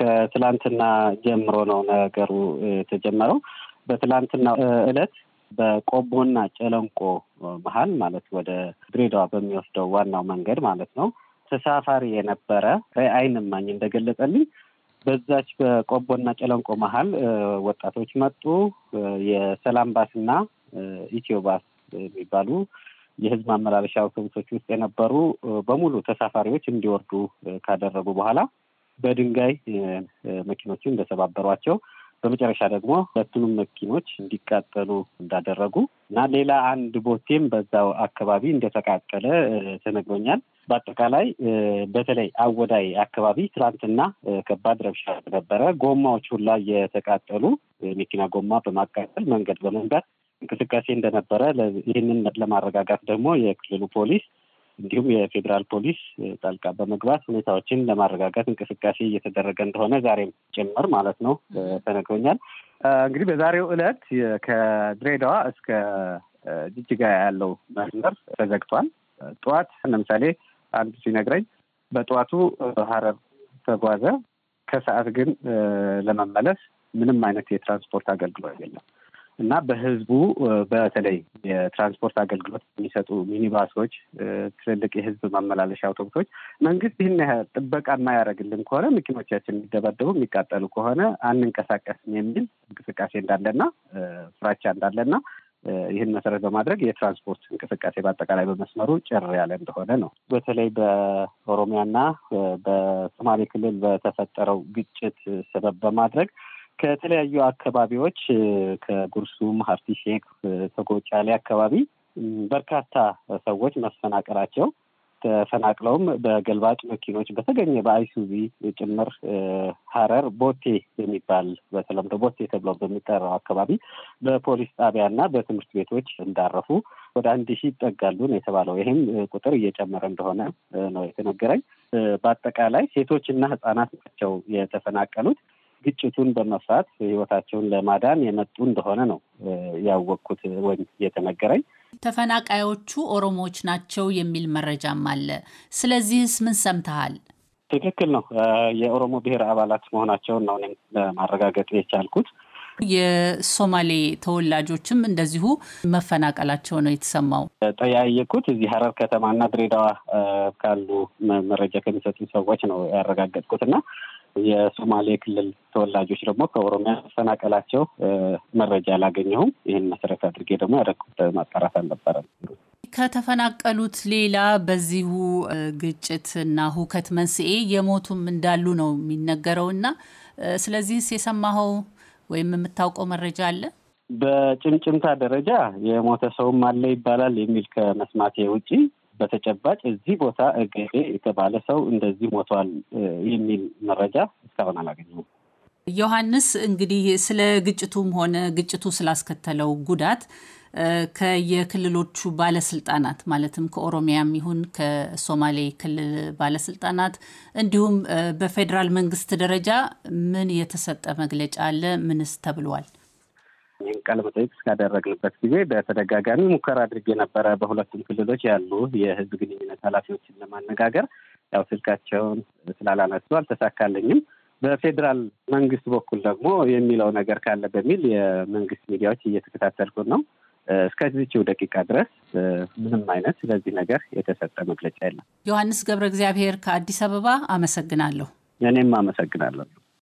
ከትላንትና ጀምሮ ነው ነገሩ የተጀመረው። በትላንትና እለት በቆቦና ጨለንቆ መሀል ማለት ወደ ድሬዳዋ በሚወስደው ዋናው መንገድ ማለት ነው ተሳፋሪ የነበረ አይን እማኝ እንደገለጸልኝ በዛች በቆቦና ጨለንቆ መሀል ወጣቶች መጡ። የሰላም ባስና ኢትዮ ባስ የሚባሉ የህዝብ ማመላለሻ አውቶቡሶች ውስጥ የነበሩ በሙሉ ተሳፋሪዎች እንዲወርዱ ካደረጉ በኋላ በድንጋይ መኪኖችን እንደሰባበሯቸው በመጨረሻ ደግሞ ሁለቱንም መኪኖች እንዲቃጠሉ እንዳደረጉ እና ሌላ አንድ ቦቴም በዛው አካባቢ እንደተቃጠለ ተነግሮኛል። በአጠቃላይ በተለይ አወዳይ አካባቢ ትላንትና ከባድ ረብሻ ነበረ። ጎማዎች ሁላ እየተቃጠሉ የመኪና ጎማ በማቃጠል መንገድ በመንበር እንቅስቃሴ እንደነበረ ይህንን ለማረጋጋት ደግሞ የክልሉ ፖሊስ እንዲሁም የፌዴራል ፖሊስ ጣልቃ በመግባት ሁኔታዎችን ለማረጋጋት እንቅስቃሴ እየተደረገ እንደሆነ ዛሬም ጭምር ማለት ነው ተነግሮኛል። እንግዲህ በዛሬው ዕለት ከድሬዳዋ እስከ ጅጅጋ ያለው መስመር ተዘግቷል። ጠዋት ለምሳሌ አንዱ ሲነግረኝ በጠዋቱ ሀረር ተጓዘ፣ ከሰዓት ግን ለመመለስ ምንም አይነት የትራንስፖርት አገልግሎት የለም። እና በህዝቡ በተለይ የትራንስፖርት አገልግሎት የሚሰጡ ሚኒባሶች፣ ትልልቅ የህዝብ ማመላለሻ አውቶቡሶች መንግስት ይህን ያህል ጥበቃ የማያደርግልን ከሆነ መኪኖቻችን የሚደበደቡ የሚቃጠሉ ከሆነ አንንቀሳቀስም የሚል እንቅስቃሴ እንዳለና ፍራቻ እንዳለና ይህን መሰረት በማድረግ የትራንስፖርት እንቅስቃሴ በአጠቃላይ በመስመሩ ጭር ያለ እንደሆነ ነው። በተለይ በኦሮሚያና በሶማሌ ክልል በተፈጠረው ግጭት ሰበብ በማድረግ ከተለያዩ አካባቢዎች ከጉርሱም፣ ሀርቲ ሼክ፣ ሰጎጫሌ አካባቢ በርካታ ሰዎች መፈናቀላቸው ተፈናቅለውም በገልባጭ መኪኖች በተገኘ በአይሱዚ ጭምር ሀረር ቦቴ የሚባል በተለምዶ ቦቴ ተብሎ በሚጠራው አካባቢ በፖሊስ ጣቢያና በትምህርት ቤቶች እንዳረፉ ወደ አንድ ሺህ ይጠጋሉ ነው የተባለው። ይህም ቁጥር እየጨመረ እንደሆነ ነው የተነገረኝ። በአጠቃላይ ሴቶችና ህጻናት ናቸው የተፈናቀሉት። ግጭቱን በመፍራት ህይወታቸውን ለማዳን የመጡ እንደሆነ ነው ያወቅኩት ወይም የተነገረኝ። ተፈናቃዮቹ ኦሮሞዎች ናቸው የሚል መረጃም አለ። ስለዚህስ ምን ሰምተሃል? ትክክል ነው። የኦሮሞ ብሔር አባላት መሆናቸውን ነው እኔም ለማረጋገጥ የቻልኩት። የሶማሌ ተወላጆችም እንደዚሁ መፈናቀላቸው ነው የተሰማው። ጠያየኩት እዚህ ሀረር ከተማና ድሬዳዋ ካሉ መረጃ ከሚሰጡ ሰዎች ነው ያረጋገጥኩት እና የሶማሌ ክልል ተወላጆች ደግሞ ከኦሮሚያ መፈናቀላቸው መረጃ አላገኘሁም። ይህን መሰረት አድርጌ ደግሞ ያደረኩት ማጣራት አልነበረም። ከተፈናቀሉት ሌላ በዚሁ ግጭት እና ሁከት መንስኤ የሞቱም እንዳሉ ነው የሚነገረው እና ስለዚህስ የሰማኸው ወይም የምታውቀው መረጃ አለ? በጭምጭምታ ደረጃ የሞተ ሰውም አለ ይባላል የሚል ከመስማቴ ውጪ በተጨባጭ እዚህ ቦታ እገሌ የተባለ ሰው እንደዚህ ሞቷል የሚል መረጃ እስካሁን አላገኘሁም። ዮሐንስ እንግዲህ ስለ ግጭቱም ሆነ ግጭቱ ስላስከተለው ጉዳት ከየክልሎቹ ባለስልጣናት ማለትም ከኦሮሚያም ይሁን ከሶማሌ ክልል ባለስልጣናት እንዲሁም በፌዴራል መንግስት ደረጃ ምን የተሰጠ መግለጫ አለ? ምንስ ተብሏል? ይህን ቃለ መጠይቅ እስካደረግንበት ጊዜ በተደጋጋሚ ሙከራ አድርጌ ነበረ። በሁለቱም ክልሎች ያሉ የህዝብ ግንኙነት ኃላፊዎችን ለማነጋገር ያው ስልካቸውን ስላላነሱ አልተሳካልኝም። በፌዴራል መንግስት በኩል ደግሞ የሚለው ነገር ካለ በሚል የመንግስት ሚዲያዎች እየተከታተልኩ ነው። እስከዚችው ደቂቃ ድረስ ምንም አይነት ስለዚህ ነገር የተሰጠ መግለጫ የለም። ዮሐንስ ገብረ እግዚአብሔር ከአዲስ አበባ አመሰግናለሁ። እኔም አመሰግናለሁ።